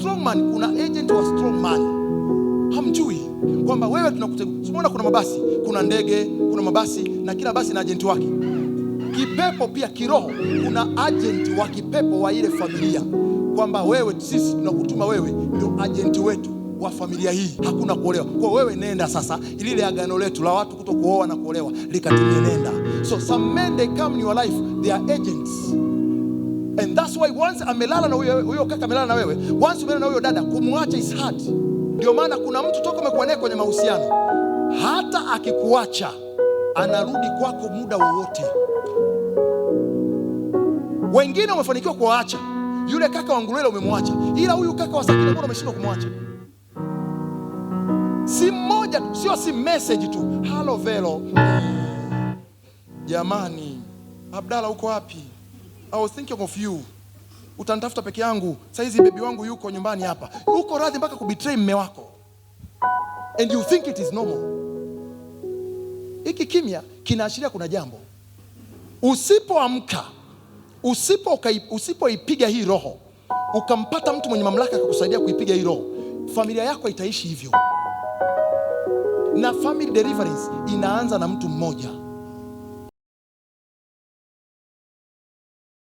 Strong man, kuna agent wa strong man. Hamjui kwamba wewe tunakutegemea. Kuna mabasi, kuna ndege, kuna mabasi na kila basi na agent wake. Kipepo pia kiroho, kuna agent wa kipepo wa ile familia, kwamba wewe, sisi tunakutuma wewe, ndio agent wetu wa familia hii. Hakuna kuolewa kwa wewe, nenda sasa, ili ile agano letu la watu kuto kuoa na kuolewa likatimie, nenda. So some men they come in your life, they are agents and that why once amelala na huyo kaka amelala na wewe, once umelala na huyo dada, kumwacha is hard. Ndio maana kuna mtu toka umekuwa naye kwenye mahusiano, hata akikuacha anarudi kwako muda wowote. Wengine wamefanikiwa kuwaacha, yule kaka wa ngulele umemwacha, ila huyu kaka wa Sakina mbona umeshindwa kumwacha? Si mmoja tu, sio si message tu, halo velo, jamani, abdala uko wapi? I was thinking of you utanitafuta peke yangu. Saizi bebi wangu yuko nyumbani hapa. Uko radhi mpaka kubetray mme wako, and you think it is normal. Hiki kimya kinaashiria kuna jambo. Usipoamka, usipoipiga, usipo hii roho, ukampata mtu mwenye mamlaka akakusaidia kuipiga hii roho, familia yako itaishi hivyo, na family deliverance inaanza na mtu mmoja.